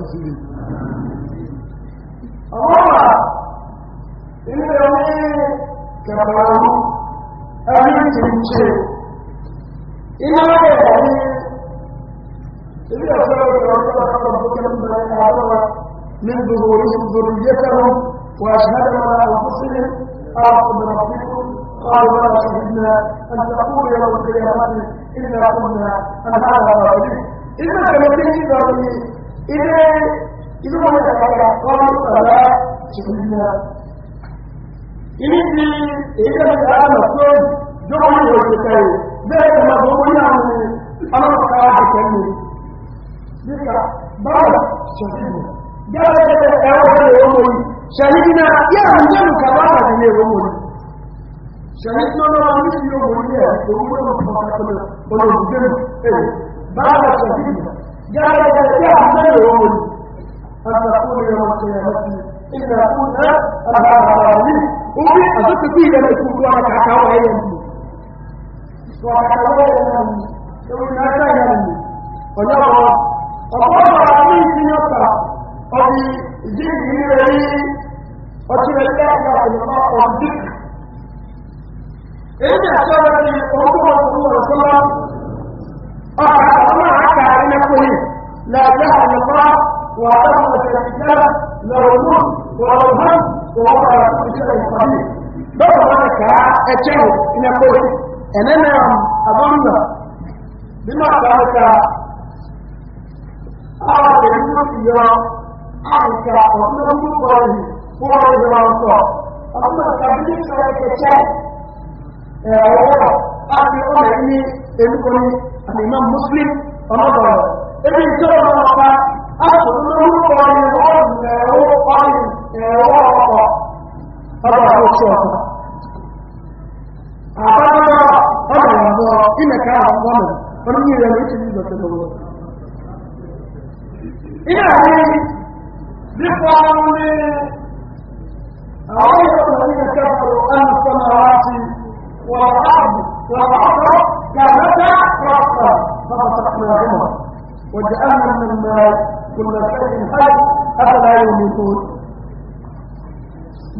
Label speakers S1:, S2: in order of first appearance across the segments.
S1: ìṣúlẹ̀. àwọn ọmọ ilé omi kẹfà ọrú ẹni tí ń ṣe iná ọ̀rọ̀ ní ilé ọ̀sẹ̀ ọ̀rọ̀ ọ̀rọ̀ ọ̀rọ̀ ọ̀rọ̀ ọ̀rọ̀ من ظهورهم ذريتهم واشهدهم على انفسهم اعصم ربكم قالوا ما شهدنا ان تقول يوم القيامه انا كنا عن هذا غافلين اذا كنت ilé ilé wọn ti àgbàgbà wọn bá tó kàlá ṣùgbọ́n ilé ti èyí tẹ́lẹ̀ ti dáná tó yóò wọ́n yóò ti kẹ́ bẹ́ẹ̀ tó máa bọ́ wọ́n yà ní ọlọ́pàá àti kẹ́mi nípa báwọn ṣùgbọ́n gẹ́gẹ́ gẹ́gẹ́ ẹ̀rọ ìwé owó yìí ṣàyíkínà yẹ́rù yẹ́rù kàbá àti ilé owó yìí ṣàyíkínà náà ní ìlú owó yìí ẹ̀ جعلك تعملهم فتقول يوم القيامة إنا كنا أبراهيم ومن أبت فيه لما يكون دعاك عكاوة يمي دعاك عكاوة يمي يقول لا تهمني عليه في نفسه وفي ذكره لي وكلا الله يعلم الله والذكر إن أشارك أمور الله صلى الله عليه وسلم قال وما على نفسه لا جهل الله وعلم الكتاب له النور وله الهم وهو على كل شيء قدير بابا لك اتشهد ان يقول اننا اظن بما ذلك أعرف أن يرى أعرف أن يقول قوله قوله أما تبليغ شيء كشيء وهو أن يقول ẹnukọ́ni àti imam muslim ọlọ́dọ̀ọ́ ebi ìjọba ọmọ ọba asòtútù orúkọ ni ọdún ẹ̀rọ ọyìn ẹ̀rọ ọkọ̀ ọba àti oṣù ọ̀tọ̀ àbábára ọba ìyàbọ̀ ìmẹ̀ka àwọn ọmọ ọdún yìí rẹ̀ ní ìṣẹ̀lẹ̀ ìjọba ọmọ ilé àti nípa ní àwọn ìjọba ìjọba ọmọ ọmọ ọmọ ọmọ ọmọ ọmọ كهذا وأكثر فقط نحن عمر وجعلنا من النار كل شيء حي أفلا يميتون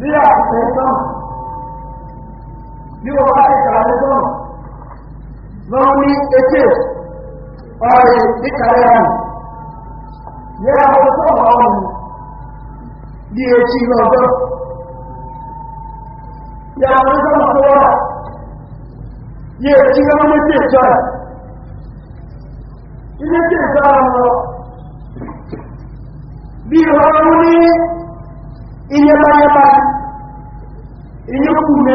S1: ليعطيكم ليوحيك عليكم لوني إتيس أي ذكريان يا رسول الله ليأتي نظر يا رسول الله ye ci nga ma ci jara ina ci jara no bi horoni inya ba ya ba inya ku ne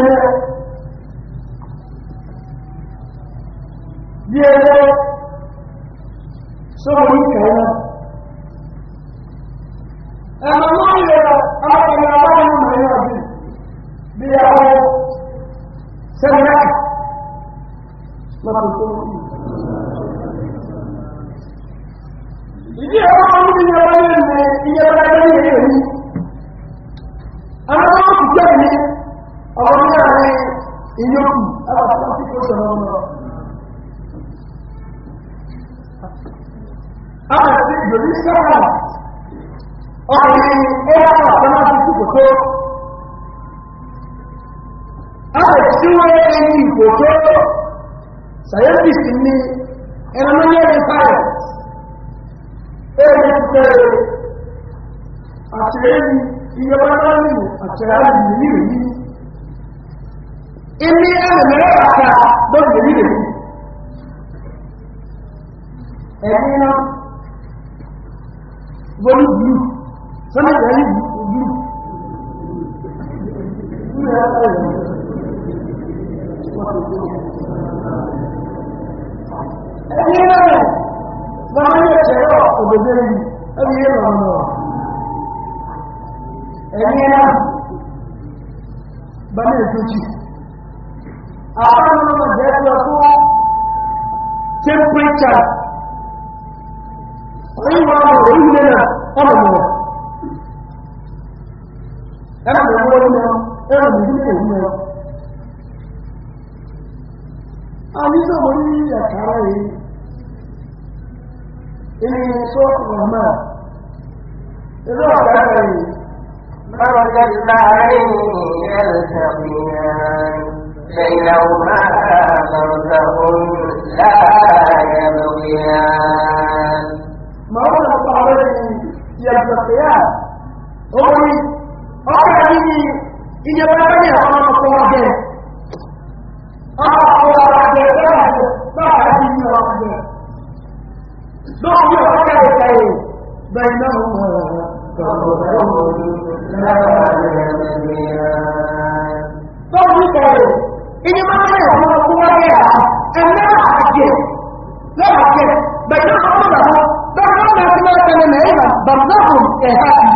S1: ye so mo ka òun ọkọ̀ yìí ni iye pẹ́pẹ́ àwọn ọkọ̀ ọ̀gẹ̀ ọkọ̀ ọ̀gẹ̀ ẹ̀rọ báwa ti ní ọ̀gẹ̀ lóòrùn yóò ọkọ̀ ẹ̀ka ẹ̀ bẹ́ẹ̀ náà mọ̀ Tọ́jú bẹ̀rẹ̀, ìní máa ń rẹ̀ àwọn ọkùnrin wáyé àá, ẹ̀mẹ́ àjẹ́, lọ́wọ́ àjẹ́, bẹ̀rẹ̀ náà ọmọdé àwọn, bẹ̀rẹ̀ náà mẹ́rin mẹ́rin mẹ́rin mẹ́rin mẹ́rin mẹ́rin mẹ́rin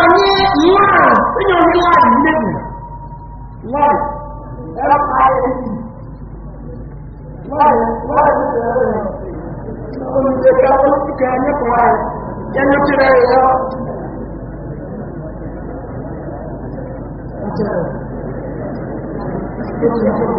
S1: anyị mmadụ ịnye onye mmadụ mmebi mmadụ ebe anyị esi
S2: mmadụ mmadụ
S1: olùdókè olùdókè anyị kwụrụ anyị ya nyochere ya Thank you.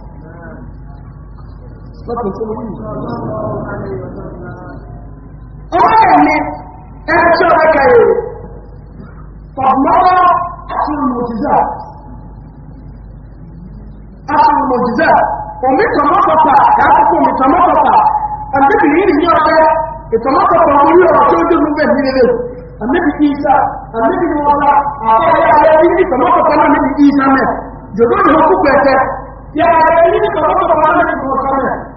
S1: lọ́pọ̀ tó wọ́n yìí. Ọwọ́ ẹ̀mí ẹjọ́ ẹgbẹ̀rẹ̀ pàmọ́wọ́ àtúrùmọ̀jìzá. Àtúrùmọ̀jìzá, omi tọmọ́tọ̀tà yàtọ̀kọ̀ omi tọmọ́tọ̀tà, àbíbì yìí ní ọjọ́ ìtọmọ́tọ̀tà orí ọ̀rọ̀ tó dé lúgbẹ̀ nílé. Àbíbì kí ìsá, àbíbì ni wọ́n bá àwọn ẹ̀yà ẹ̀yà ní ìtọmọ́tọ̀tà náà níbi kí ìsá mẹ́. Jòdó ni wọ́n kú pẹ̀tẹ́, yàrá ẹ̀yà ní ìtọmọ́tọ̀tà náà níbi kí ìsá mẹ́.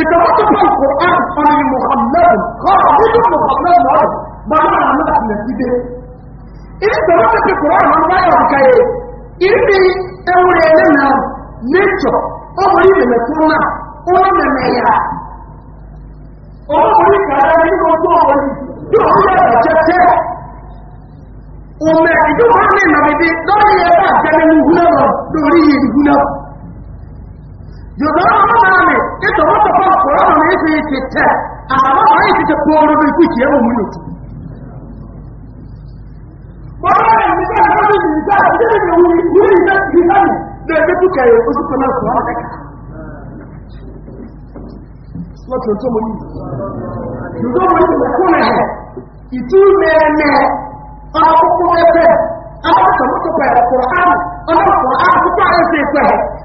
S1: إذا اتركت في القرآن أنا محمد خارج محمد مرض ما معنى ما نتيجة إذا اتركت في القرآن أنا ما يعرفك إيه إني أولي لنا نيتشر أولي لنا كنا أولي لنا يا أولي كذا يجب أن تقول يقول يا بجتة وما يجب أن نبدي دوري يا بجتة من هنا دوري يجب هنا يضرب معنا ètò wọ́n tọ́kọ́ ọ̀rọ̀ ọ̀rọ̀ ètò ètò tẹ́ àtàwọn ọ̀rọ̀ ètò tẹ́ pọ̀ ọ̀rọ̀ ikú ìkì ẹ̀wọ̀n múlò tù. Bọ́lá rẹ̀ nígbà tó ní ìgbà tó ní ìwú ìwú ìgbà tó ní ìhàmì lè dé búkẹ̀ yẹ oṣù kan náà sọ̀rọ̀ kẹ́kẹ́. Lọ́tì ọjọ́ mo ní. Ìjọba mo ní ìkú rẹ̀ hẹ̀. Ìtú mẹ́ẹ̀mẹ́ ọmọ kókó mẹ́fẹ́. Àwọn ọ̀sán mọ́tò pẹ̀lú ọ̀pọ̀ àrùn. Ọlọ́pọ̀ àrùn púpọ̀ àrùn sí ìpẹ̀lẹ̀.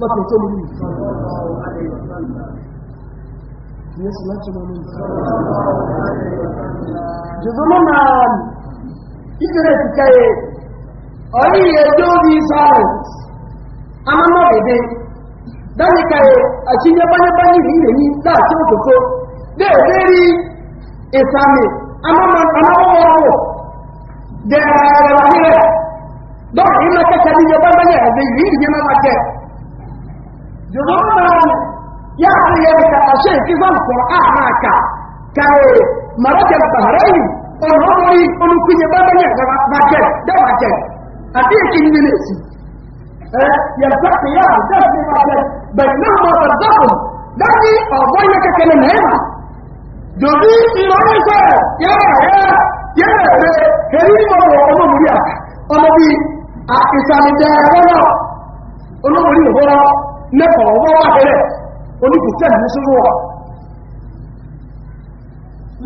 S1: lọ́kẹ̀ tó lórí Yesu láti mọ́ lórí. Jùzúmọ́ máa ìjọra ìtìkẹyẹ, ọ̀rí ẹjọ́ bí sáré, a máa mọ́ bèbè, dáníkẹyẹ àti yẹbányẹbányẹ rí rẹ̀ ní láti òkòkó, dẹ́ẹ̀dẹ́ rí ìsàmì, a máa mọ́ ọwọ́ dẹ̀ẹ̀rẹ̀ جنونهم يعني يتعشيه إذا القرآن معك كاي مرج البحرين الرمري أنكي بابني باكر ده باكر أديك إنجليسي إيه؟ يلتقيان دفن باكر بينهما رزقهم دعني أعطيك كلمة هنا جدي إيرانيسا يا يا يا كريم الله أنا مريح أنا بي أكسامي ده أنا أنا أمم مريح Na ọwọ́ wáhẹ́rẹ́ oníkùtẹ́ ní sórí wọ́n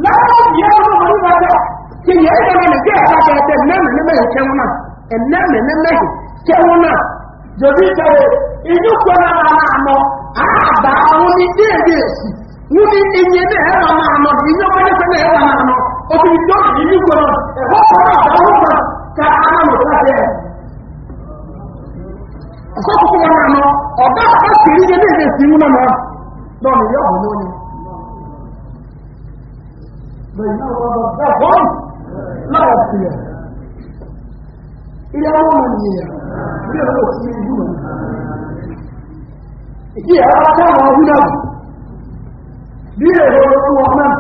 S1: láwọn yẹ́ ọmọ orí wájá kí yẹ́ ìjọba lè jẹ́ àwájá ẹ̀tẹ́ mẹ́mẹ̀lẹ́mẹ̀yìn kẹwọn náà ẹ̀mẹ́mẹ̀lẹ́mẹ̀yìn kẹwọn náà jòdí ìtẹ́wẹ̀ ìdúkọ́ náà àmọ́ àbá àwọn ní déédé èsì ní ìyẹn ìyẹn náà nsọpụpụ ya na anọ ọ ga-akpa siri ihe na si mụ na ya ọ bụ n'onye ilé ọwọ́ mọ̀ ní ìyà ọwọ́ sí ìlú mọ̀ ìdí ẹ̀rọ ọdún náà bí èrò ọdún wọn náà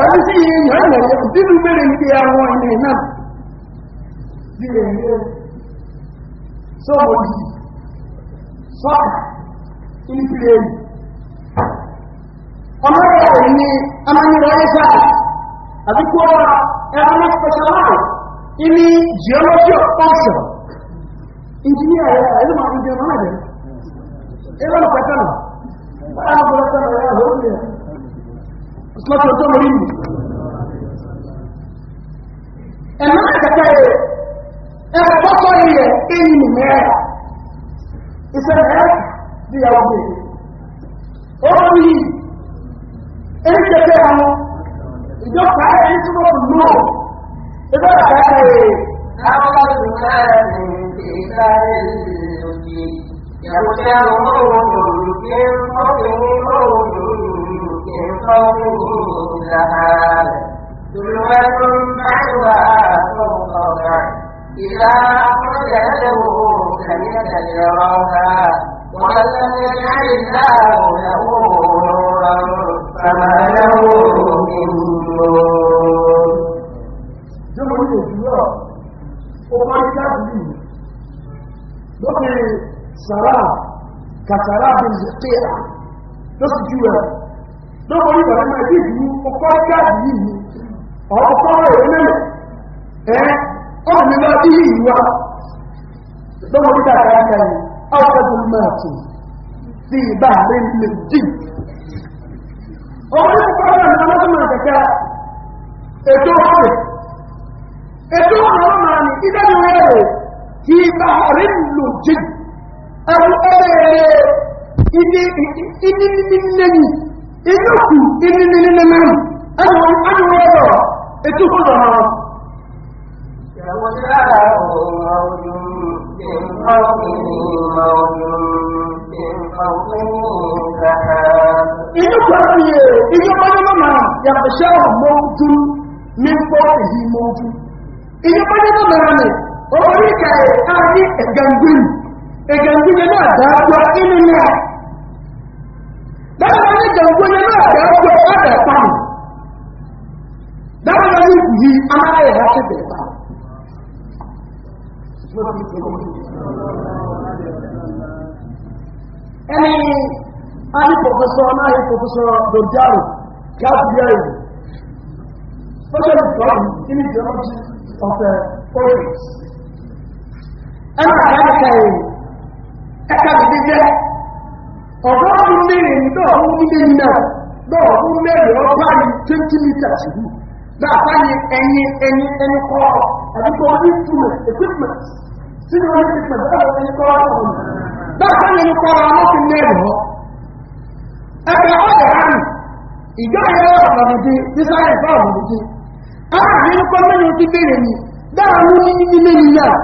S1: ẹ̀rọ sí ní náà bí èrò somebody sọ́kà ìfìlẹ̀ èyí ọmọdé rẹ̀ ní amánirẹ̀ ẹ́sà àbíkọ́ ẹ̀rọ specialize in geology of function engineer ẹ̀rọ ẹ̀rọ máa ń jẹ ọmọ rẹ̀ ẹ̀rọ lọ pẹ̀tẹ́ nà báyà lọ pẹ̀tẹ́ nà ẹ̀rọ ló rẹ̀ ìsọ́tọ̀ tó mọ̀ rí mi ẹ̀mọ́ àkẹ́kẹ́ rẹ̀ ẹ̀kọ́kọ́ ilẹ̀ ẹni mẹ́rẹ̀ ìṣẹ̀lẹ̀ bí i àwọn obìnrin ọmọ yìí ẹni kẹfẹ́ àwọn ìjọba ẹni tí wọ́n lò ẹgbẹ́ ààrẹ àwọn ọmọdún náà ní ìgbà ìlòjì ìyàwó tí a lọ mọ́ òun lòrùn kí ń mọ́ òun lòrùn kí ń mọ́ òun lòrùn lára rẹ̀ إذا أخرج يده كلمة يراها ومن لم يجعل الله له نورا فما له من نور جمهور الله ومن كافي لقي سراب كسراب الزقيرة تسجوا lọ́pọ̀ yìí bàbá máa dé ìdúró ọkọ̀ jáde yìí ọkọ̀ ẹ̀rọ mẹ́lẹ̀ ẹ́ Ọ ọ bụ eoe nne gị i a فوجاءه موج من قومه موج ya ya ha yóò ti ṣe lórí. ẹni ayé pòfẹsọ náà ayé pòfẹsọ lòdìárò kí á fi ẹrù social reform the geology of the forest. ẹnu àgbà ẹ̀ka ẹ̀rù ẹ̀ka bìbí jẹ́ ọ̀gá ọdún mẹ́rin náà ọdún mẹ́rin náà náà ọdún mẹ́rin ọgbà ní twenty meters yìí dáàbá ni ẹni ẹni ẹni kọ́ àdúgbò ní túmẹ̀ equipment sínú wọn equipment dáàbá ẹni kọ́ ọ̀hún dáàbá ni ẹni kọ́ ọ̀hún ti mẹ́rin lọ. ẹgbẹ́ ọ̀dọ̀ àmì ìjọ ayé ọ̀rọ̀ dìde sísá ẹ̀fọ́ ọ̀rọ̀ dìde ara mi ní kọ́ mẹ́rin ti bẹ̀rẹ̀ ni dáàbá ní ní mẹ́rin náà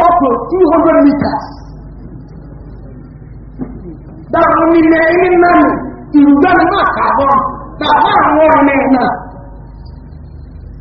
S1: ọ̀pọ̀ two hundred meters dáàbá ní ilẹ̀ ẹni náà ìrùgbọ́n náà kà á bọ̀ dáàbá àwọn ọ̀rọ̀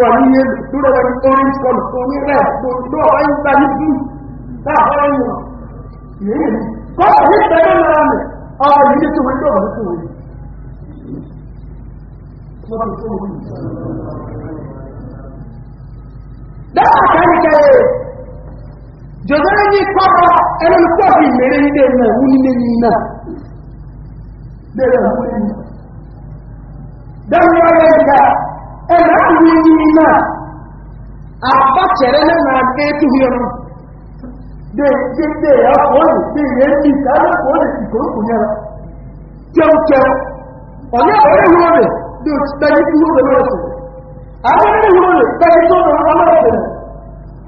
S1: wàníyé lórí ọ̀rọ̀ orange color omi red lórí ọ̀rọ̀ ìgbà ní blue láàárọ̀ ìwọ̀n yìí kọ́ọ̀tù ní ìgbẹ́jọ́ náà mi ọ̀rọ̀ yìí ní tòun ní ọ̀rọ̀ tó wọlé. dáhà káyì káyè jọ̀dọ̀ ní kọ́rọ̀ ẹni ní pọ́ọ̀kì mèrè ní ilé náà wú nílé ní náà bẹ́ẹ̀ náà wú nílé náà dáhùn ọ̀rọ̀ ìgbà ẹ̀rọ àwọn ẹni náà àbákyẹ̀rẹ́ náà gbé tó hìọ́ nù dédé àpòlù tí ìyẹ́ ti sáré àpòlù tí kò kò yára kẹ́ọ̀kẹ́ọ̀ ọ̀yẹ́ ọ̀rẹ́ ìwúrò rẹ̀ bí o ti tẹ́jú tí ó bẹ̀rẹ̀ ọ̀sẹ̀ àwọn ọ̀rẹ́ ìwúrò rẹ̀ tẹ́jú tó bẹ̀rẹ̀ ọlọ́ọ̀sẹ̀ rẹ̀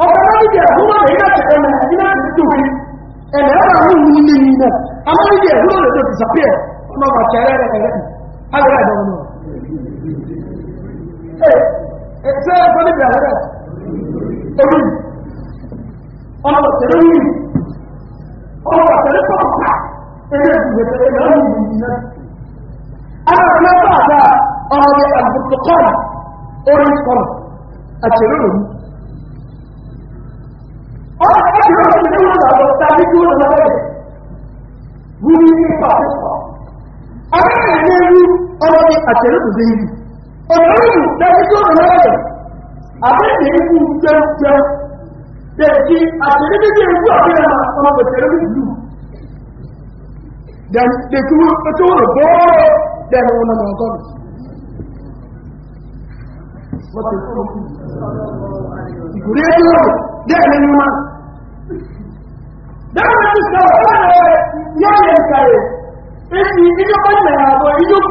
S1: ọ̀pọ̀ náà ti jẹ́ àbúrò rẹ̀ iná tẹ̀lé ẹ̀mẹ̀ iná ti tó fi ẹ̀mẹ̀ ẹ̀rọ àwọn ohun ní iná àwọn ọ̀rẹ́ ìwúrò rẹ̀ tó ti sàpẹ́ ọ̀nà ọ̀bàkẹ́rẹ́ rẹ̀ rẹ̀ ẹ ṣe é fún ìgbà rẹ̀ orí ọmọ tẹ̀lé yìí ọmọ tẹ̀lé pọ̀pọ̀ ẹgbẹ́ ìgbẹ́ tẹ̀lé lọ́wọ́ ìgbìyànjú náà àwọn ọmọ ẹgbẹ́ àgbà ọmọ ẹgbẹ́ àgbùkọ̀kọ̀rọ̀ orí kọ̀rọ̀ àtẹ̀lé lòun ọmọ ẹgbẹ́ ìgbẹ́ tẹ̀lé lọ́wọ́ àgbọ̀ tàbí tí ó lọ́wọ́ rẹ̀ wúni nípa àtẹ̀kọ̀ ọmọ ẹgbẹ́ ìgbẹ́ tẹ̀lé lọ́wọ́ àtẹ̀lé lòun òmùrù lẹ́yìn tó rìn lọ́wọ́ àbẹ́yẹ ikú jẹunjẹun dẹ̀kí àtẹ̀lé níbi ikú àbẹ́yẹ máa ọmọ pẹ̀tẹ̀lé ní ìlú dẹ̀kí tó rìn bọ́ọ̀rọ̀ dẹ̀rẹ̀ wọn lọ́wọ́ ọ̀tọ́ mi. ìgúrí ẹjọ́ rẹ̀ ní ma dẹ̀rẹ̀ ní sọ̀rọ̀ ọ̀rẹ́ yẹ́ yẹ̀ kàrẹ̀ èyí ìjọba ìlànà àbọ̀ ìjọba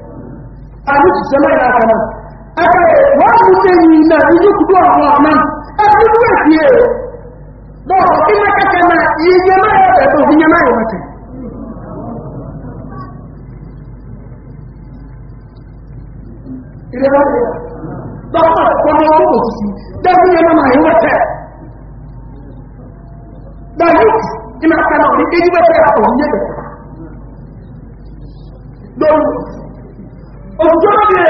S1: a ṣiṣẹ́ mẹ́rin àkọ́ náà. Ẹ̀fẹ̀ wọ́n mú sẹ́yìn iná na kúrò àwọn ọ̀nà ẹ̀fẹ̀ ní èsì ẹ̀ bọ́ọ̀ kí ní kẹ́kẹ́ náà iye mẹ́rin na tó ya yẹ mẹ́rin mẹ́tẹ̀. Ìrẹ́lẹ́ dọ́kítà kọ́nà ọjọ́dẹ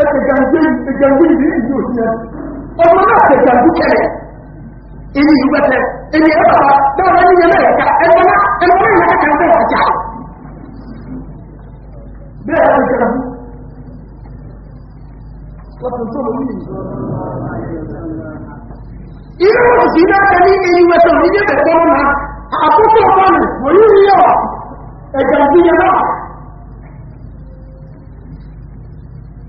S1: ẹgbẹ̀gbẹ̀ ìgbẹ̀gbẹ̀ ìlú òṣìṣẹ́ ọmọ náà tẹ̀gbẹ̀gbẹ̀ kẹrẹ inú ìlú bẹ́tẹ̀ inú ẹ̀rọ bàbá dáwọn ẹni yẹn lẹ́yẹ̀ká ẹgbẹ́ náà ẹgbẹ́ náà yẹn kẹrẹ bẹ́ẹ̀ ọjà bẹ́ẹ̀ ẹgbẹ́ kẹrẹ lọ́pọ̀ tó lórí
S2: ìlú òṣìṣẹ́ náà ní ẹni wẹ́tọ̀ ní ẹgbẹ̀gbẹ̀
S1: náà àkókò ọ̀pọ̀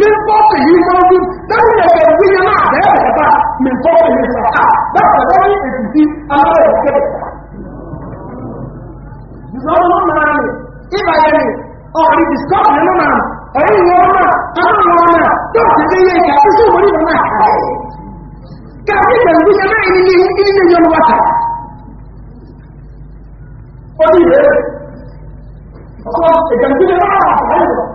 S1: من فوقه موج لم يكن على هذا من فوقه صحاء بس ذلك يجزي أمر الكبر بزول ما نعمل إبا يعني أولي بسكوب لنا ما أولي يوما أنا يوما دوك زي كابسو ولي ما كابسو ولي ما إلي إلي يوم وقت أولي أقول إذا كنت أعرف هذا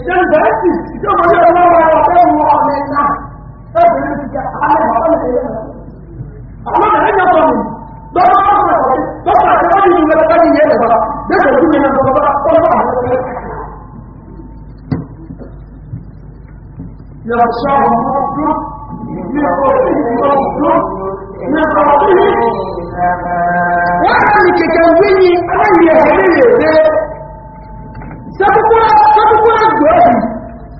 S1: إذا بأتي أن يرى الله ويعطيه الله منا أقول لك أنا بقول لك أنا ما هي قوم ده ما هو قوم ده ما هو قوم من ولا قوم يلا بقى ده قوم من ولا بقى ولا بقى يخشى ربك من قوله ربك من قوله وأنا لك كوني أنا يا هليل سبقوا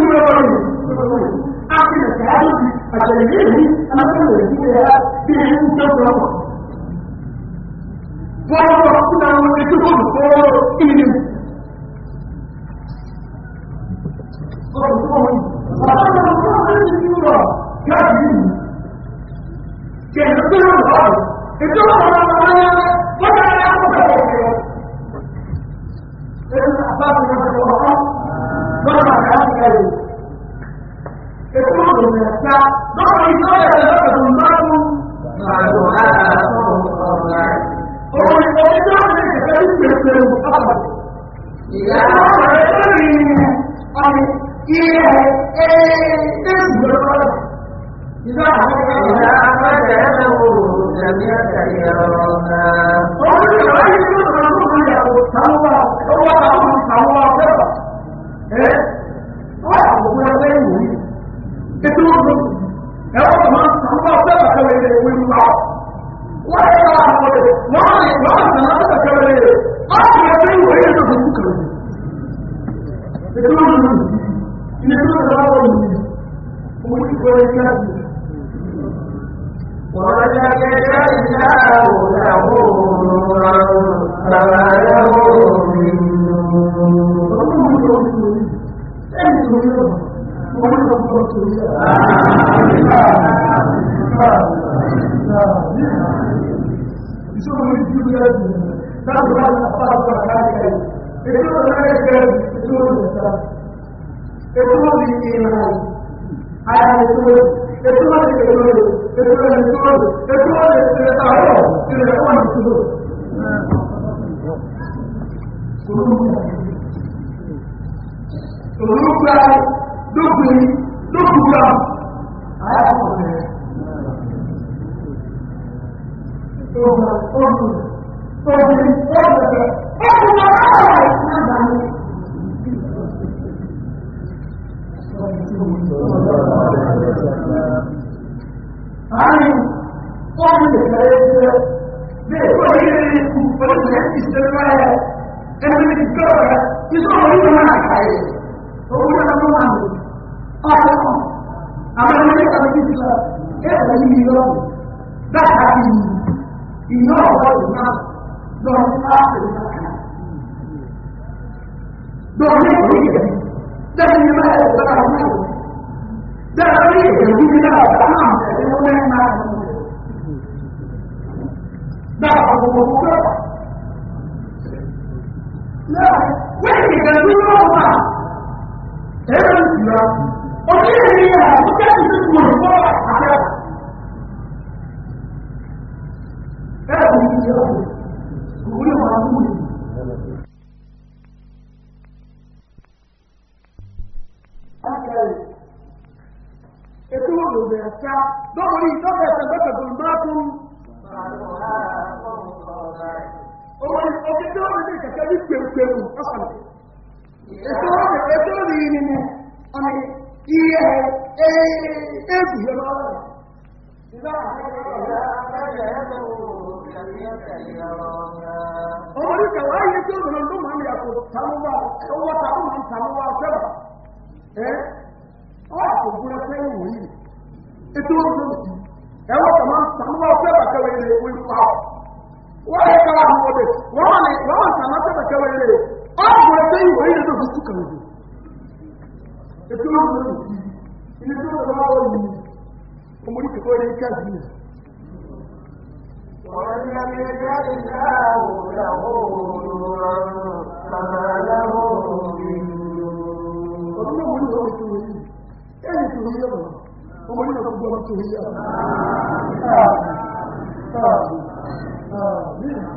S1: من يقولون أعطينا السعادة عشان يجري أنا أقول لك إذا بيعين تبقى وأنا أقول لك أنا أقول لك Thank you. ẹ̀rù. Èkó mọ̀ lòun ẹ̀ka lọ́wọ́ ìjọ ẹ̀rọ lọ́wọ́ lọ́dún àgbọ̀ lára ọ̀rọ̀ rẹ̀. Òun ìjọ ẹ̀rọ lọ́wọ́ ìjọ ẹ̀rọ Finally, I think it's a, yeah, I think it's wrong. That happened. He knows what is not, not after that happened. Don't make me get it. Doesn't matter what I know. That's the reason we get out of the house and no man matters. That's what we're going to do. No, wait, there's no wrong path. Everyone's wrong. 我这个人啊，我家里是祖宗啊，啥的。哎，我理解了，鼓励我鼓励。Okay. Itu lu biasa. Dok ni dok biasa dok tu matu. Oh, okey tu ni kita ni peru peru. Asal. Itu ni itu ni ni ni. Ani ihe egwu ya n'ọrụ ọmọdé kẹwàá ayé tí ó lọ lọ́mọ àmì àpò tàlúwà ọwọ́ tàlúwà ń tàlúwà fẹ́wà ẹ́ ọ́ àpò gúnlẹ̀ fẹ́yìn wòye ètò ọdún òsì ẹwọ́ tàlúwà ń tàlúwà fẹ́wà kẹwàá ilé ìwé ìpa wọ́n yẹ kẹwàá àwọn ọdẹ wọ́n wà ní wọ́n wà tàlúwà fẹ́wà kẹwàá ilé ọ́ àpò gúnlẹ̀ fẹ́yìn wòye ètò òsì kẹwàá ètò náà ló ti ilé tó lọ wá wọ yìí ọmọ yìí kò lè ká sí i. ومن لم يجعل الله له نورا فما له من نور. ọdún náà wọlé ọdún tó wọlé yìí ẹni tó wọlé ọmọ ọmọ yìí náà gbọ́dọ̀ tó wọlé ọmọ.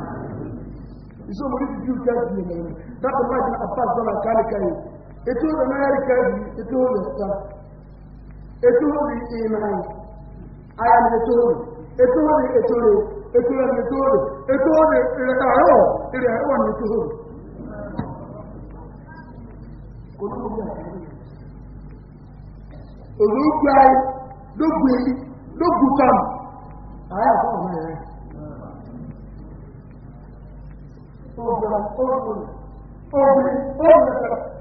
S1: Iso mo ni ti ju kẹ́sì yẹn lẹ́yìn. Dákun máa di apá sọ́la kárìkárì. ètò òbí amẹ́ríkà yìí ètò òbí ọ̀sán ètò òbí ìmọ̀ràn ayé ni ètò òbí ètò òbí ètò òbí ètò òbí ètò òbí ètò òbí ìrẹ̀kà àárọ̀ ìrẹ̀ àárọ̀ ni ètò òbí. kò ní gbogbo àkàrí òbí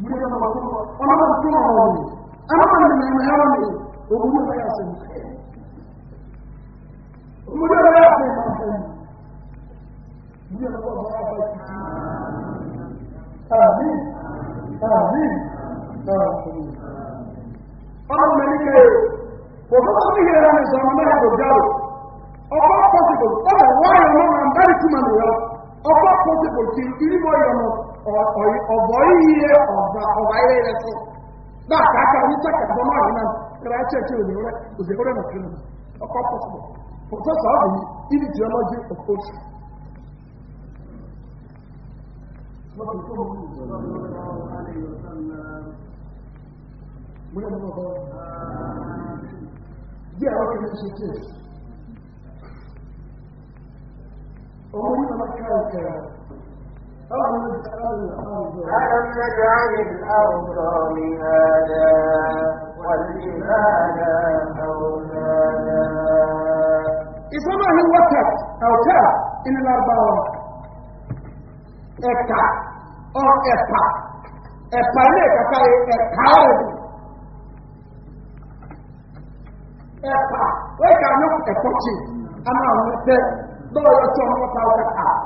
S1: muri ya mabako ona ba tuma woni ana ba ne ne yawon ne o mu ba ya san mu da ba ya san mu da ba ba ya san amin amin amin ona ba ne ke ko ba ko ne ra ne san ma ko dawo o ba possible o ba wa ya ma ma ba ti ma ne ya o ba possible ki ri mo ya mo ọ̀bọ̀ yíyẹ ọ̀bà ọ̀bà ilẹ̀ rẹ̀ sí náà kàákà ní sẹ́kà bọ́mọ́ àrùn náà kẹrẹ ẹ̀kẹ́ ẹ̀kẹ́ òní rẹ̀ òṣèré rẹ̀ nàkí nù ọkọ̀ pọ̀sùpọ̀ pọ̀sọ̀sọ̀ ọ̀bùn ibi tí ọmọ jí ọkọ̀ oṣù Bí àwọn kìí ṣe kí ọmọ yìí máa ká ìkẹrẹ ألم نجعل الأرض مهادا والجبال أوتادا إسمه أو أوتاد إن الأربعة إتا أو إتا إتا ليك كاي إتا إتا ويكا نوك إتوكي أنا أمتد دور يتوم وكاوكا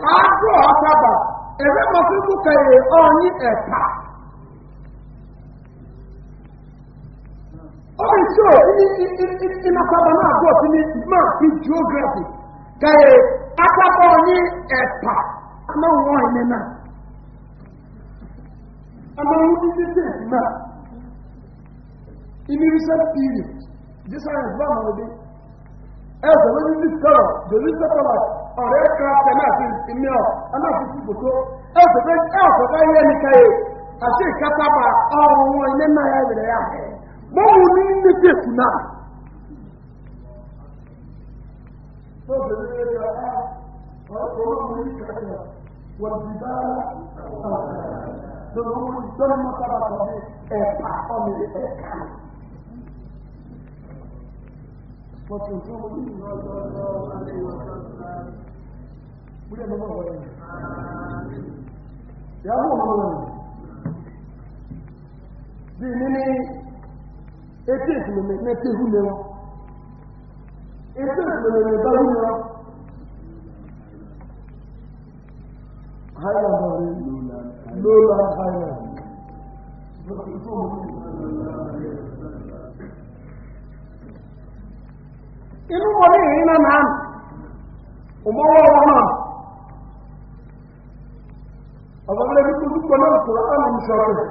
S1: agụ ọsaba ebe maka ikwu onye e, ẹka oiso ịnataba na agụ otini maapị geografi kere akpapa onye ẹka na nwa ọhịnena amaghị ndị steeti na in ma dị eze onye ndị ọ̀rẹ́ kan tẹ̀lé àti ìsinmi ọ̀ aláàfin sí gbòtó ẹ̀sọ̀fẹ́ ẹ̀sọ̀fẹ́ yẹ nìkan yìí àti ìkátábà ọ̀rùn wọn ilé náà yẹ rẹ̀ yà bọ́ọ̀lù ní níbi èkú náà. Lọ́wọ́ ẹ̀ka ẹ̀ka. fọ́tún tí wọ́n mú Búrẹ́ bọ́bọ̀ wọ́n ni. Ìyàwó ọmọ wọn ni. Bí ní ní etí ìfìlòmí mẹ́tí ìhúlé wọn. Etí ìfìlòmí mẹ́tí ìhúlé wọn. Highland ọ̀rẹ́ Lowland Highland. Lowland Highland. inú wọlé ìrìn náà náà ọmọwọ́ nọ náà ọ̀bọ̀bọ̀lẹ̀ bí kúrú pẹ̀lú ìkùrọ̀ ọ̀nà ìṣọ́rọ̀ rẹ̀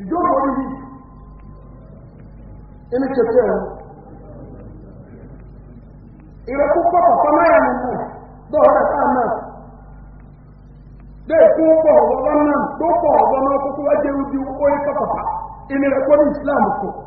S1: ìjọ́bọ̀ orí inú kẹfẹ́ ẹ̀rọ ìrẹ́kúpọ̀ pàpá náà nínú dọ́ọ̀rẹ́ káà náà dẹ́ kú pọ̀ ọ̀bọ̀ náà tó pọ̀ ọ̀bọ̀ náà kókó wájẹ́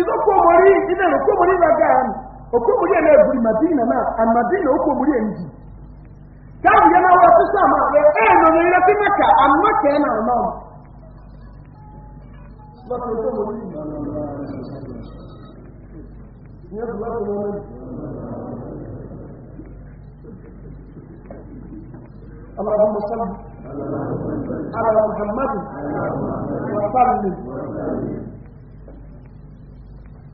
S1: izo komori ina no komori baga am okomori na madina na and madina okomori enji ya na wa tusa ma e e no ni la tinaka am ke na no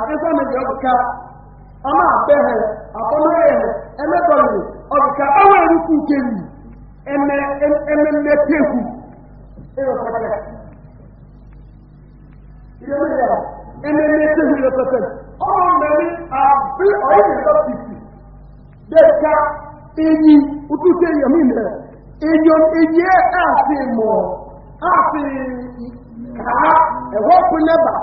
S1: àtẹ́sọ́ méjì ọ̀bùká ọmọ eme àtọ́mọ́rẹ̀hẹ̀ ẹmẹ́bọ̀lù ọ̀bùká ọwọ́ eme kéwì ẹmẹ́mẹ́tẹ́kù ẹmẹ́mẹ́tẹ́kù ọmọ mẹ́rin àbí ọ̀yẹ́dẹ̀dọ́ pìpì dịka enyi enyi yẹmí mẹ́rẹ̀ enyo enyi ẹ̀ àti mọ̀ àti kàá ẹ̀wọ́ pínlẹ̀ bàá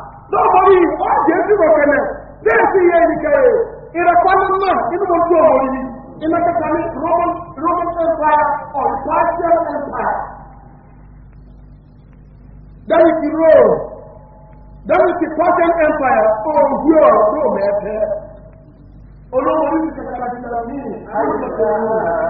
S1: lọ́wọ́rí wọ́n jẹ́ sí rọ̀kẹ̀lẹ̀ bẹ́ẹ̀ sí iye ìkẹyẹ ìrẹ̀pálẹ̀ náà inú mo tó ọ̀rọ̀ yìí iná kẹta ní roman roman empire or persian empire lẹ́yìn ti rome lẹ́yìn ti persian empire òògùn ọ̀rọ̀ tó mẹ́fẹ́ olówó orí ti kẹta kẹta ní àyíkẹta náà.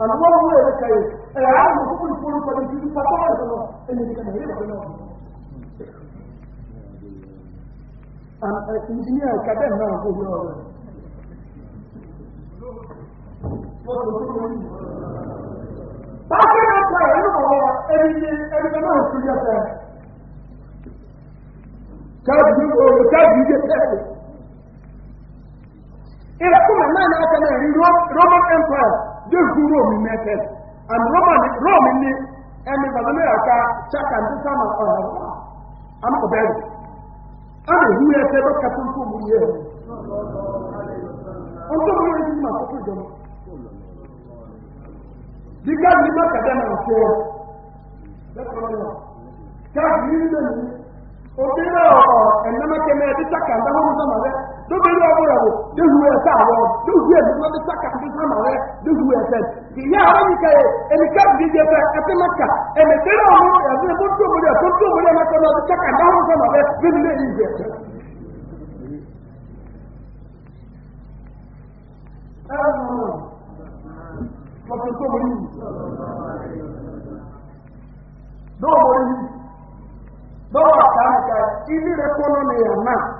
S1: أنا ما هو يا كاي أنا عارف هو يقول لك أنت تجيب فتاة ولا أنت كده هي ولا أنا إنجنيير كده ما أقول له Bákan náà kọ́ ẹ̀rọ ọ̀rọ̀ ẹni ẹni náà ń fi yẹtẹ̀. Káàdì ní òòlù káàdì yé tẹ́lẹ̀. Ìrẹ́kùnrin náà ní ọ̀sẹ̀ náà rí Roman Empire jehu rome united and roman rome ni ẹni bàbá aka chaka ní sáma ọ̀hánwá amọ̀bẹ̀rù ama ehu yẹ sẹ bẹ kàtó nkó mu yẹ ọjọ́ mi yẹ ẹni mà kókó jọ dígá mi má kàdé chaka lóbìnrin ọmọ rẹ̀ wò lójú ẹ̀sẹ̀ àwọn lójú ẹ̀sẹ̀ tó ní sáka ní sáma rẹ̀ lójú ẹ̀sẹ̀ ìyá àwọn yìí kẹyẹ ẹnìkẹ́ ìdíje fẹ́ ẹsẹ̀ mẹ́ka ẹnìkẹ́rẹ́ ọmọ ẹ̀sẹ̀ tó tó mọ̀lẹ́ tó tó mọ̀lẹ́ mẹ́ka lọ sí sáka dáhùn sáma rẹ̀ lójú lé ìjẹ. dɔw bɔra yi dɔw b'a ta ka i ni yɛrɛ kɔnɔ ni yan na.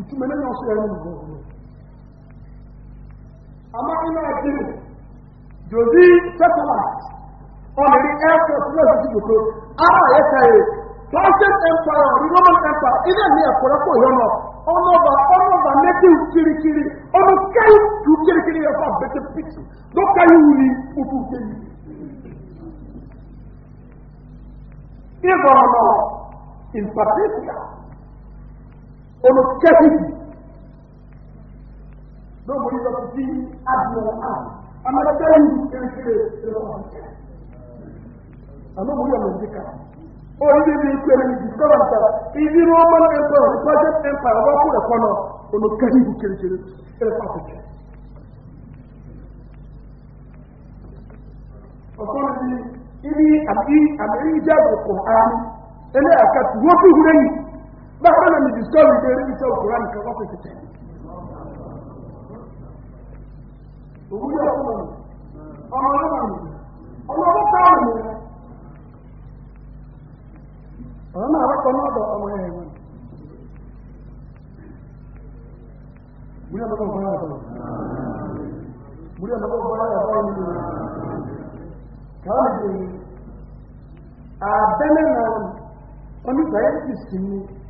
S1: ìtumẹ̀ náà yàn sí ẹ̀rọ ìgbò òun àmọ́ iná ọ̀dínú jòdì sẹ́tọ̀lá ọ̀nàrí airport náà ti dìbò ara ẹ̀ka ẹ̀ Russian empire ọ̀rí Roman empire ilé ní ẹ̀kọ́rẹ́kọ̀ yọ̀nà ọlọ́ba ọlọ́ba native kirikiri ọmọ kẹ́yì tu kirikiri yẹ fún abẹ́tẹ̀ pìtù lọ́kàyí wuli òkú kẹ́yì. ìbọ̀rọ̀ in particular olùkẹ́sìtì lóògùn yìí lọ́kùn sí àdìmọ̀ àrùn amadede yìí kékeré lọ́wọ́ àmọ́ mo yọ lọ sí ká orílẹ̀ èdè ìpèrè ní discovery ìdí ní ọmọ náà ẹ̀kọ́ ní project empire ọba kúrò ẹ̀kọ́ náà olùkẹ́sìtì yìí kékeré ẹ̀rẹ́ pàtàkì. ọ̀pọ̀ ibi àti àmì Báwo ni discovery dé rí iṣẹ́ òkúrán nìkan wọ́pẹ̀ tẹ̀tẹ̀? Òwúrọ̀ ọmọ mi, ọmọ ọlọ́wọ́ mi, ọmọ ọlọ́pàá mi rẹ̀. Ọ̀rọ̀ náà rọ́pọ̀ náà bọ̀ ọmọ ẹ̀ wọn. Múlẹ̀ mọ́tò ń bọ́lá ọ̀bọ̀. Múlẹ̀ mọ́tò ń bọ́lá ọ̀bọ̀ yìí nìyẹn. Kàwé mi dè yìí, àbẹ́lẹ̀ náà onígbà yẹn ti sìn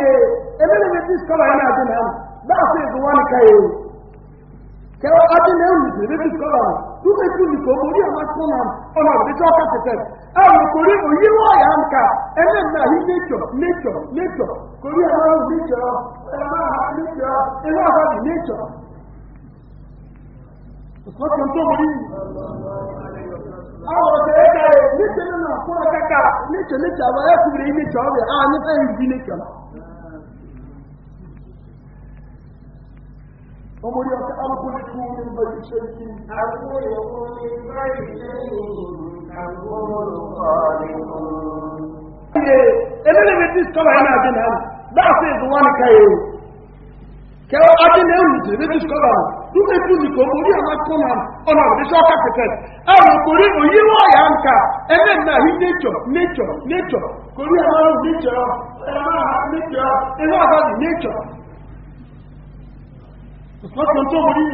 S1: ye emele bɛ ti sɔlɔ yɛn na di na baa fi du wani ka ye kɛ o a ti na tu tu ni ko ama ka kori o yi ya ka na kori ama o ha ha mori. ka ye na a ba kubiri bɛ fɛn yi bi ومن يتأرض لكم من بيت شيء أقول من بيت شيء أقول صالحون ẹlẹ́lẹ́ mi ti sọ́wọ́ ẹ̀nà àti náà dáàsì ìdúwọ́n káyé o kẹwọ́ ọdí ní ẹ̀rù jẹ́ níbi sọ́wọ́ dúkẹ́ tún ní kò mórí àwọn akọ́nà ọ̀nà òdíṣẹ́ ọkà pẹ̀tẹ́ ẹ̀rù kòrí òyíwọ́ ọ̀yà ń ka ẹ̀mẹ́ náà hí nature nature nature kòrí àwọn nature ẹ̀rọ nature ẹ̀rọ àbájì nature lọ́sàn tó wọ́n rí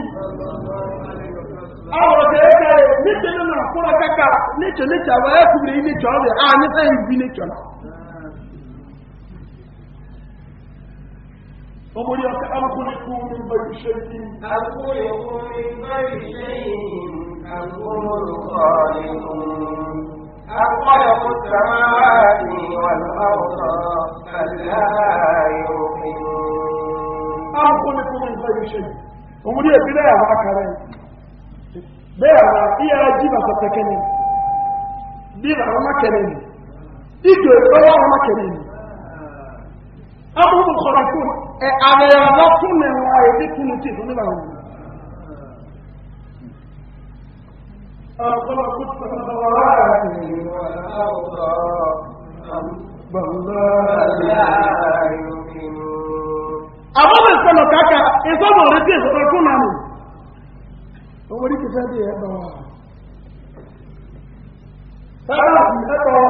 S1: àwọn ọ̀sẹ̀ ẹ̀kẹ́ rẹ̀ níṣẹ́ nínú àkúrọ̀ kẹ́kà níṣẹ́ níṣẹ́ àwọn ẹ̀kùnrin ilé ìjọ rẹ̀ a níṣẹ́ ìbí níṣẹ́ náà ọmọ ní ọkẹ́ ọmọkùnrin kú ní bá iṣẹ́ yìí àkúrẹ̀ kú ní bá iṣẹ́ yìí àkúrẹ̀ kọ́ ní kú àkúrẹ̀ kú sàmáà ní wàlúwà ọ̀sán àti láàárín òfin أخلق من غير شيء ومدي بلا وعكرين بلا إيا جيبا ستكنين بلا ومكنين إجو بلا ومكنين أبو الخرافون أغيرتون من وعيدتون تفن لهم أخلق السماوات والأرض بل لا يعلم àbọ̀bẹ̀ sọ̀lọ̀ káka ìsọ́bọ̀ rẹ̀ tí ìsọ̀rọ̀ fún náà nù owó rí kìí fẹ́ẹ́ yẹ bọ̀ wá sábà sì ẹ̀kọ́ wà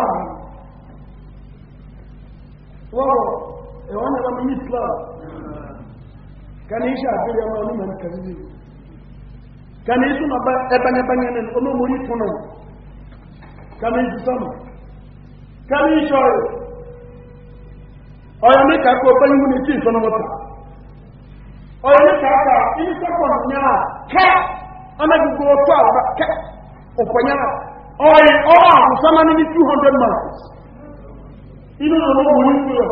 S1: wọ́wọ́ ẹ̀wọ́n náà mi ní islam kàní iṣẹ́ àbúrò ọmọ onímọ̀ ní kàríyé kàní iṣu náà bá ẹbẹnyẹbẹnyẹ nínú olómorí fún náà kàní iṣu sọ́mọ̀ kàní iṣọ́ ọ̀yọ́ mi kàkó ọ̀pẹ́ mú ní tí ìsọ́nà wọ́ta ọ̀yẹ́ kàákà inú sẹ́kọ̀ọ̀nù nyára kẹ́ ọmọ gbogbo ọkọ̀ àwọn kẹ́ ọ̀pọ̀ nyára ọ̀yẹ́ ọwọ́ àwọn sọ́mọ́ níbi 200 miles inú ọmọ wòlí ìgbìyàn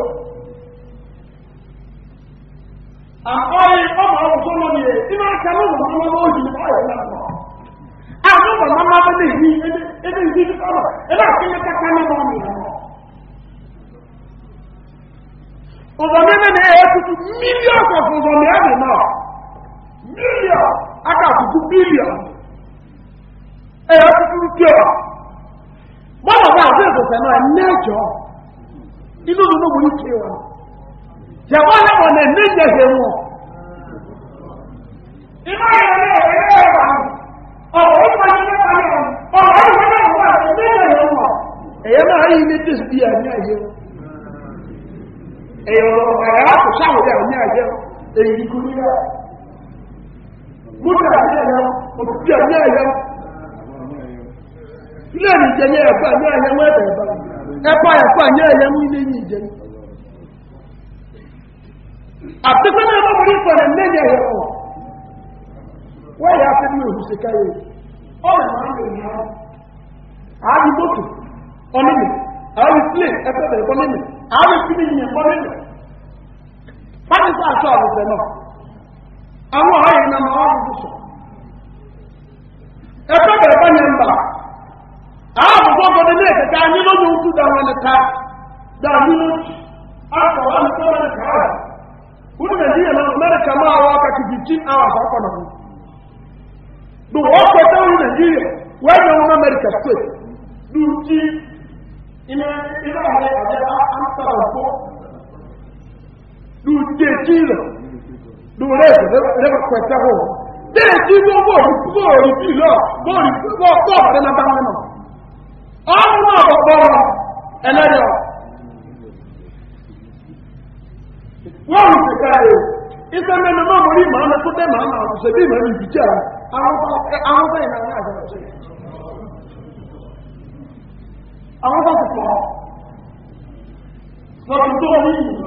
S1: àkọ́yẹ́ ọmọ àwọn sọ́mọ́ ọmọ ọmọ ụzọmeme na-enye tupu milions of ụzọmeme nọ milion aka tupu bilion enye tupu pio gbọdọ náà bí ìgbésẹ náà mẹjọ inú ló ló wọlé kiri wọn jẹmọ lẹwọn náà mẹjọ ṣe ọ ìmọ̀ ìyẹn náà ẹ̀rẹ́ ẹ̀rọ ọ̀rọ̀ ìgbà ní èèyàn lọ ẹ̀rá kò sáwòrẹ́ òní àjẹ́ anyị ikú ní rẹ̀ mútà anyị ẹ̀yẹ òbí na ẹ̀yẹ ilé anyị ìjẹ ní na ní ẹ̀yẹ mú ẹ̀bẹ̀ ẹ̀bà na ẹ̀fà ní ẹ̀yẹ mú ilé ní ìjẹ ní àtẹ́fẹ́ náà mọ́ orí ìfọ̀rẹ̀ lẹ́yìn ẹ̀yẹ kọ̀ wọ́n yà fẹ́ ní òhùn ṣèkáyé ọ̀rẹ́ máa ń lè ní ọ́ àárín mọ́tò ọ̀nìmì àárín sílẹ̀ ẹ̀fẹ́ bẹ̀rẹ̀ kọ́ nìmì àárín báyìí sọ àṣọ àbùsẹ̀ náà àwọn ọ̀rọ̀ yìí na máa wọ́n sọ ẹgbẹ́ bẹ̀rẹ̀ bá yẹn bà àbùsọ̀ ọgbọ̀dẹ ní ẹ̀kẹ́kẹ́ ayé ló ní ojú dáwọn ẹ̀ka dáwọn nínú àpọ̀ àmì
S2: wọ́n ní nàìjíríà náà amẹ́ríkà máa
S1: wọ́n kàkì náà wọ́n sẹ́wọ́n nàìjíríà wọ́n yẹ wọn amẹ́ríkà lù ilé dùdè jìnnà lórí ẹ̀sẹ̀ lẹ́bà pẹ̀tẹ́ hù déètì wọ́n bọ̀ọ̀lù bọ̀ọ̀lù bí lọ bọ̀ọ̀lù bọ̀ọ̀lù bẹ́ẹ̀ náà bá wọn nù ọ̀run náà bọ̀bọ̀ ẹlẹ́dẹ̀ wọ́n rù kẹkẹrẹ rẹ̀ iṣẹ́ mẹ́nu náà mọ̀ ní ìmọ̀ ọ̀nà tó dẹ́ màá nà ọ̀sẹ̀ bí ìmọ̀ ìbí jẹ́ àwọn bẹ́ẹ̀ náà ní àjọ àwọn bá ti pọ̀ lọ́tún tó wọ́n ní ìmọ̀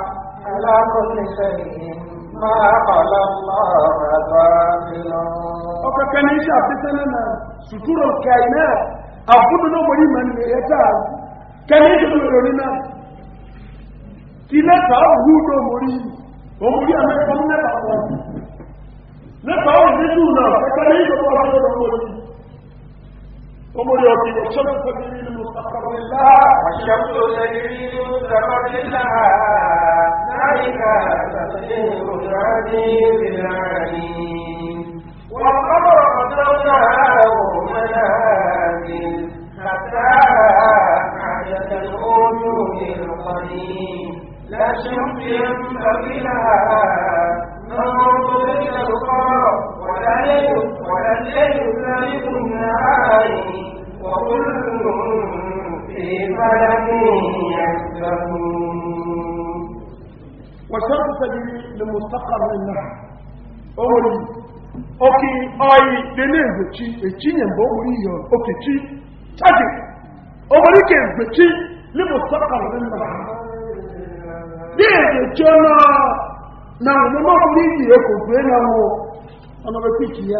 S1: على كل شيء ما قال الله باطل وكان يشاف لنا ستور الكائنات أقول له مريما يتعب كان يشاف لنا ilé ta wú ló mórí òun rí àmẹ́kọ́ mẹ́ta wọn mẹ́ta wọn ní ṣùgbọ́n ẹ̀kọ́ ní ìjọba ọ̀rọ̀ lọ́wọ́ lórí ومن يوتي الشمس تجري لمستقر لها والشمس تجري لمستقر لها ذلك تقدير العزيز العليم والقمر قدرناه منازل حتى عادة الوجوه القديم لا شمس ينبغي لها ننظر إلى القمر ولا يبقى الليل سابق النهار وكل في فلك يسبحون وشرط لمستقر النهر أولي oke ọyị dị na echi etinye mgbe o nwere ihe okechi chaji o nwere ike egbochi lipụtakọrọ nna
S2: na-egbochi ọnụ
S1: na omume ọbụla iji na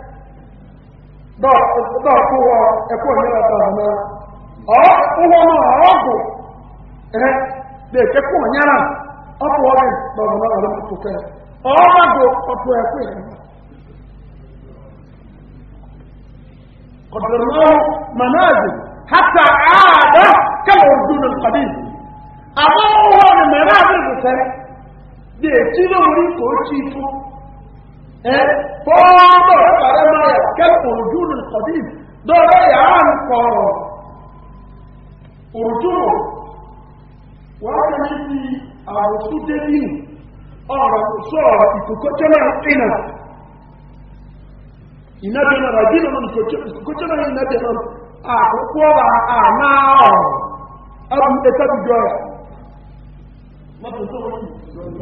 S1: dọ́ọ̀kú wọ ọ bụ tọ̀rọ̀ náà ọ̀pọ̀wọ́ náà ọ̀gù ẹ̀ lè kẹ́kọ̀ ònyára ọ̀pọ̀wọ́ rẹ̀ tọ̀rọ̀ náà rẹ̀ tó a ọ̀gù ọ̀pọ̀ ẹkú ẹ̀ قدرناه منازل حتى عاد كالأردون القديم أما هو fọ́ọ̀mọ̀ ẹ̀bàrẹ́ máa yà kẹ́kọ̀ọ́ òjúlù kọ̀díf lọ́rẹ́ yà á ń kọ̀ọ̀rọ̀ òjúlù wọ́n á ní ti àrùsú débìnì ọ̀rọ̀ sọ ìkòkòtọ́nà ìnà ìnàbẹ̀nà ràbínà ìkòkòtọ́nà ìnàbẹ̀nà àkókò ọ̀rọ̀ àmà ọ̀rọ̀ ọdún ẹ̀tẹ́bùjọ́ rẹ̀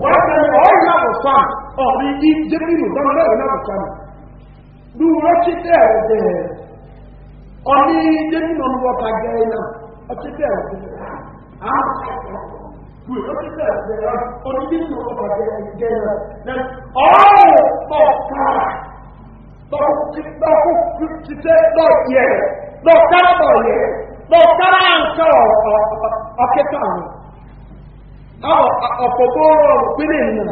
S1: wọ́n á ní ọ̀rọ̀ ọ̀rí bí jẹ́bìrì dánilẹ́rìn náà kàmì bí wọ́n ti tẹ́ ẹ̀ jẹ́ ọ̀rí jẹ́bìrì náà wọ́n ká jẹ́ iná ọtí tẹ́ ẹ̀ jẹ́ ọ̀rí jẹ́bìrì náà wọ́n ká jẹ́ iná ọ̀rọ̀ ọ̀ká lọ́kù títẹ́ lọ́yẹ̀ lọ́kára lọ́yẹ̀ lọ́kára nǹkan ọ̀kẹ́kọ̀ọ́ àwọn ọ̀pọ̀ bọ́ọ̀rọ̀ pínlẹ̀ nìyẹn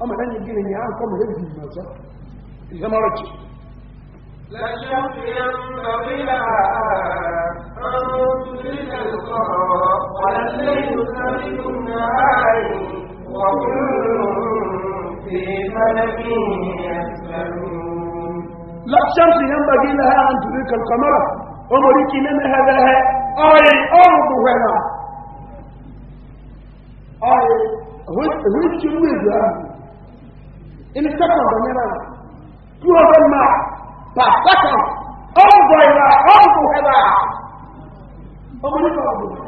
S1: ومن يجيني يا عمكم يجي من هذا اذا ما رجع لا شك ان قبلها ان تدرك القمر والليل سبيل النهار وكل في ملك يسلمون لا شمس ينبغي لها ان تدرك القمر omoriki ne mehebere ọyị ọrụ bụwera ọyị hụichi nwa ezu ahụ ịnị sekọnd banyere ahụ tuobe mma pa sekọnd ọrụ bụwera ọrụ bụwera omoriki ọrụ bụwera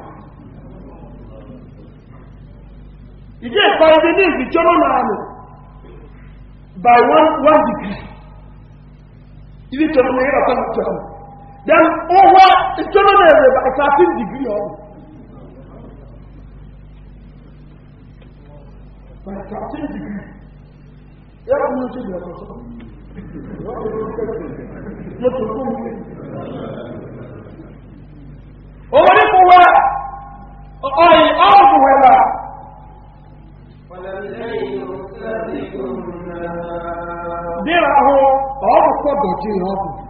S1: ìdí ẹ̀kọ́ ibi ní ìfìjọ́nà náà nù by one one degree ibi tọ́lú ní ìrọ̀tọ́ nìtọ́lú then ụwa ịchọrọ na-ere by thirteen degree ọ bụ by thirteen degree ya bụ n'oche dị ọtọtọ n'otoko m onwere ụwa ọyị ọgwụ wela dị ahụ ọ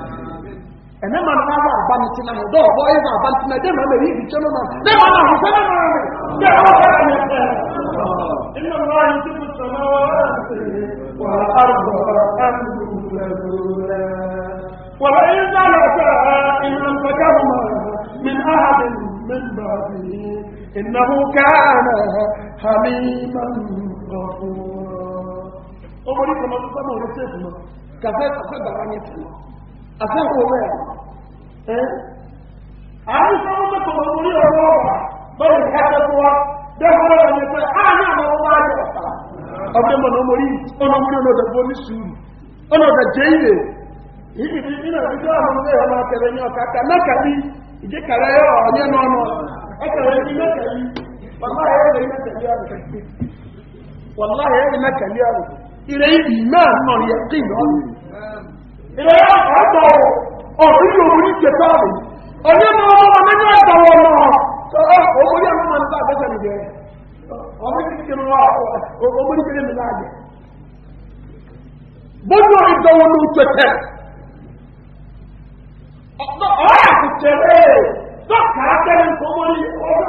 S1: ɛnɛ ma na n'aba aba ne tena no dɔw bɔ ɛyɛ aba tena dɛ ma bɛyi bi kyɛn ma dɛ ma na ahosɛ ne ma ne dɛ ɔwɔ bɛ ne fɛ. inna allah yi ti kuta ma wa wa arba andu lalula wala in za la ta in an faka ma min ahadin min ba'dihi innahu kana hamiman ghafura. o mori kama sọ ma o le se kuma kafe kafe bara ne tena. àfẹ́kọ̀ọ́ bẹ́ẹ̀ ee àìsàn ọmọ tọ̀rọ̀ lórí
S2: ìrẹ̀ yà ọ̀tọ̀
S1: ọ̀rọ̀ yìí òun ní jẹta rẹ̀ ọ̀yẹ́ mọ́ ọmọ ọmọ nínú ẹ̀dà wọn náà ọmọ yẹn mọ́ nípa àbẹ́sẹ̀ mi jẹ́ ọmọ yìí ti mọ́ ọmọ yìí kéré mi náà jẹ́ bójú ọ̀rọ̀ ìdánwò ló ń tẹ̀tẹ̀ ọ̀rọ̀ àkùtẹ̀rẹ̀ dọ́kà abẹ́rẹ́ nǹkan mọ́ ní ọ̀rọ̀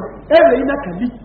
S1: àbẹ́sẹ̀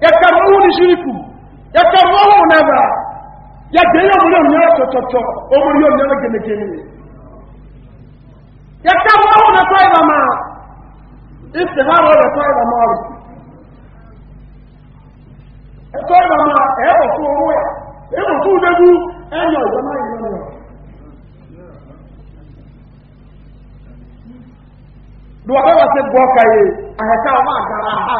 S1: ya karu onwunishiriku ya karu owo ne ga ya gbeli onwuniyo cho cho cho omeniyonu n'ele gị nke niile ya karu owo na to iga ma ifte ha ruru to iga ma ruru e to iga ma ehe wasu onwe ime usu ubegwu eniyan ga na-ezenye gba agbapagosip buwakaya aghaka akara agha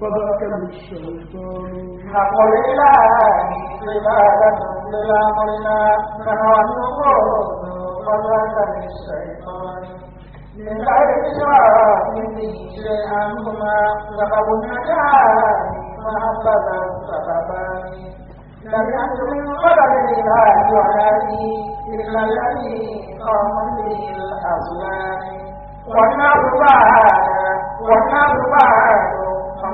S1: فذاك الشيطان نقل إلى عبادة إلى قلنا نعلم فذاك الشيطان من غير شيء شيئا هما لقب النجاة محبة سببان لم يكن من قبل الإله ولدي إلا الذي قام به الأزمان والنار بعد والنار بعد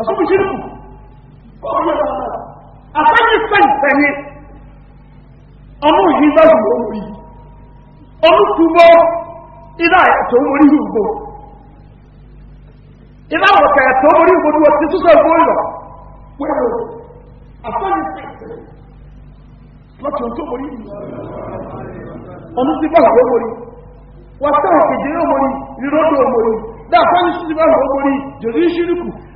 S1: أصبح شركه أصبح السنسنة أمو هبار موري أمو كبار إذا يأتموري هبو إذا وكا يأتموري هبو وستسوس البويلة ويهو أصبح السنسنة ما تنتموري أمو سبار موري وأصبح كجير موري لرد موري ده أصبح السنسنة موري جزيش شركه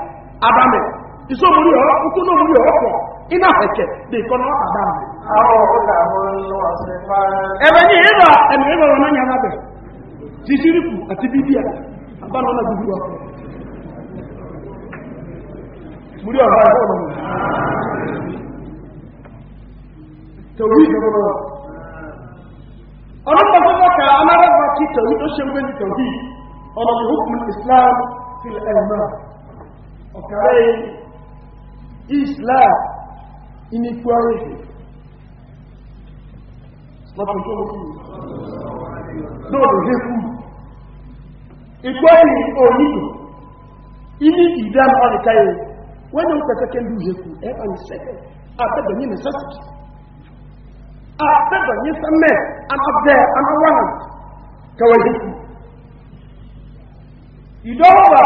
S1: Abame, iso muri ọ nkụ na omuri ọkwọ ịna feke dị kọ na ọka adame ebe nye ịba ebe ịba wọn anya anabe titiripu ati bibia aba na ọna gburu ọkwọ muri ọba ebe ọba mu tawuri ebe ọba ọdún gbàgbọ́ ka amára bá kí tawuri ó ṣe ń gbé ní tawuri ọ̀nà ìhùkùn islam fi ẹ̀rọ náà occurring Islam inequality. Lọ́pọ̀ tó lókù. Lóòdò Jésù. Ìgbọ́nì onídò, inú ìdámọ́ ọ̀rìkáyé, wọ́n ni ó pẹ̀tẹ́kẹ́ lú Jésù, ẹ́ ọ̀rì sẹ́kẹ̀, àtẹ́bẹ̀ ní necessity. Àtẹ́bẹ̀ ní sẹ́mẹ̀, àmọ́bẹ̀, àmọ́wọ́nà, kẹwàá Jésù. Ìdọ́wọ́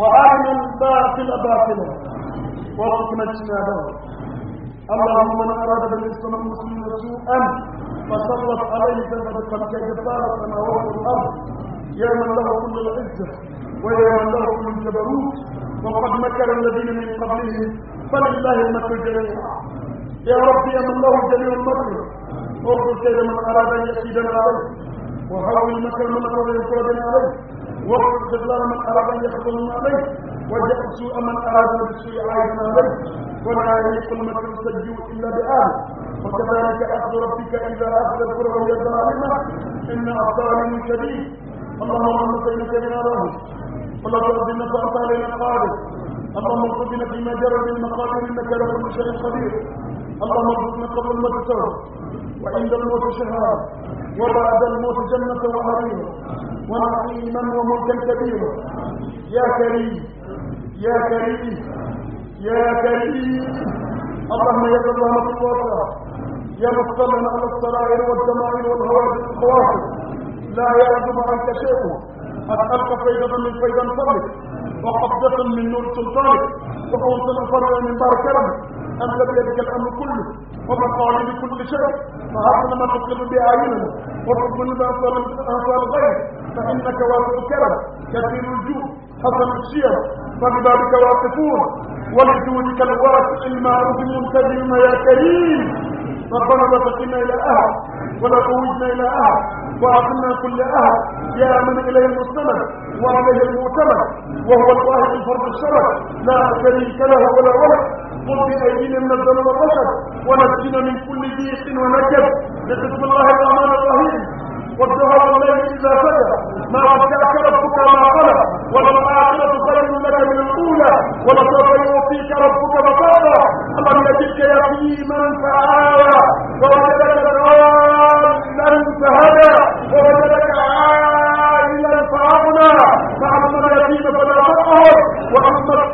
S1: وارنا الباطل باطلا وارزقنا اجتنابه اللهم من اراد بالاسلام المسلمين سوءا فسلط عليه ذنبا كجبار السماوات والارض يا من له كل العزه ويا من له كل الجبروت وقد مكر الذين من قبلهم فلله المكر جميعا يا رب يا من له جميع المكر ارد كيد من اراد ان يكيد عليه وحول مكر من اراد ان يكيدنا عليه واخرج خذلان من أراد أن يخذلنا عليه وجاء سوء من أراد بالسوء عائدا عليه ولا يليق المكر السيء إلا بآله وكذلك أخذ ربك إذا أخذ القرى وهي ظالمة إن أبطالهم شديد اللهم رحمة إنك بنا رحمة ولا تؤذن فأنت علينا قادر اللهم ارزقنا فيما جرى من مقابر انك لكل شيء قدير اللهم ارزقنا قبل الموت سهر وعند الموت شهاد وبعد الموت جنة وعظيمة ونعيما وملكا كبيرا يا كريم يا كريم يا كريم اللهم يا الله مطلوبا يا مطلنا على السرائر والدمائر والهواجس والخواطر لا يعزب عنك شيء قد ألقى فيضا من فيضا فضلك وقبضة من نور سلطانك وقوة الفضل من بار كرمك لم بيدك الأمر كله ومقاليد كل شرف فهذا ما تطلب بأعيننا وتطلب بأنصار الغير فإنك واثق الكرم كثير الجود حسن الشيم فبذلك واقفون ولجودك الورث المعروف المنتجم يا كريم ربنا لا تقينا إلى أهل ولا قوجنا إلى أهل وأعطنا كل أهل يا من إليه المستند وعليه المعتمد وهو الواحد الفرد الشرف لا شريك له ولا ولد قل بأيدينا من الذنب والرشد ونجينا من كل ضيق ونجد بسم الله الرحمن الرحيم والظهر الليل إذا سجى ما ودعك ربك ما قلى وللآخرة خير لك من الأولى ولسوف يعطيك ربك بطالا ألم يجدك يتيما فآوى ووجدك ضالا فهدى ووجدك عائلا فأغنى فأما اليتيم فلا تقهر وأما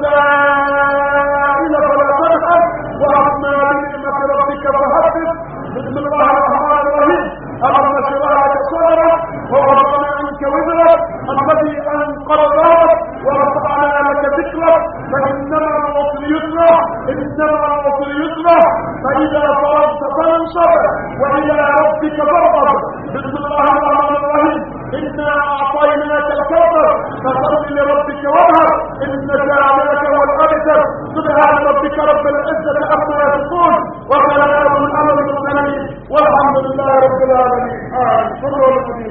S1: الله فإذا فرغت فانصب وإلى ربك فارغب بسم الله الرحمن الرحيم إنا أعطيناك الكوثر فصل لربك وانهر إن شانئك هو الأبتر سبحان ربك رب العزة عما يصفون وسلام على المرسلين والحمد لله رب العالمين آمين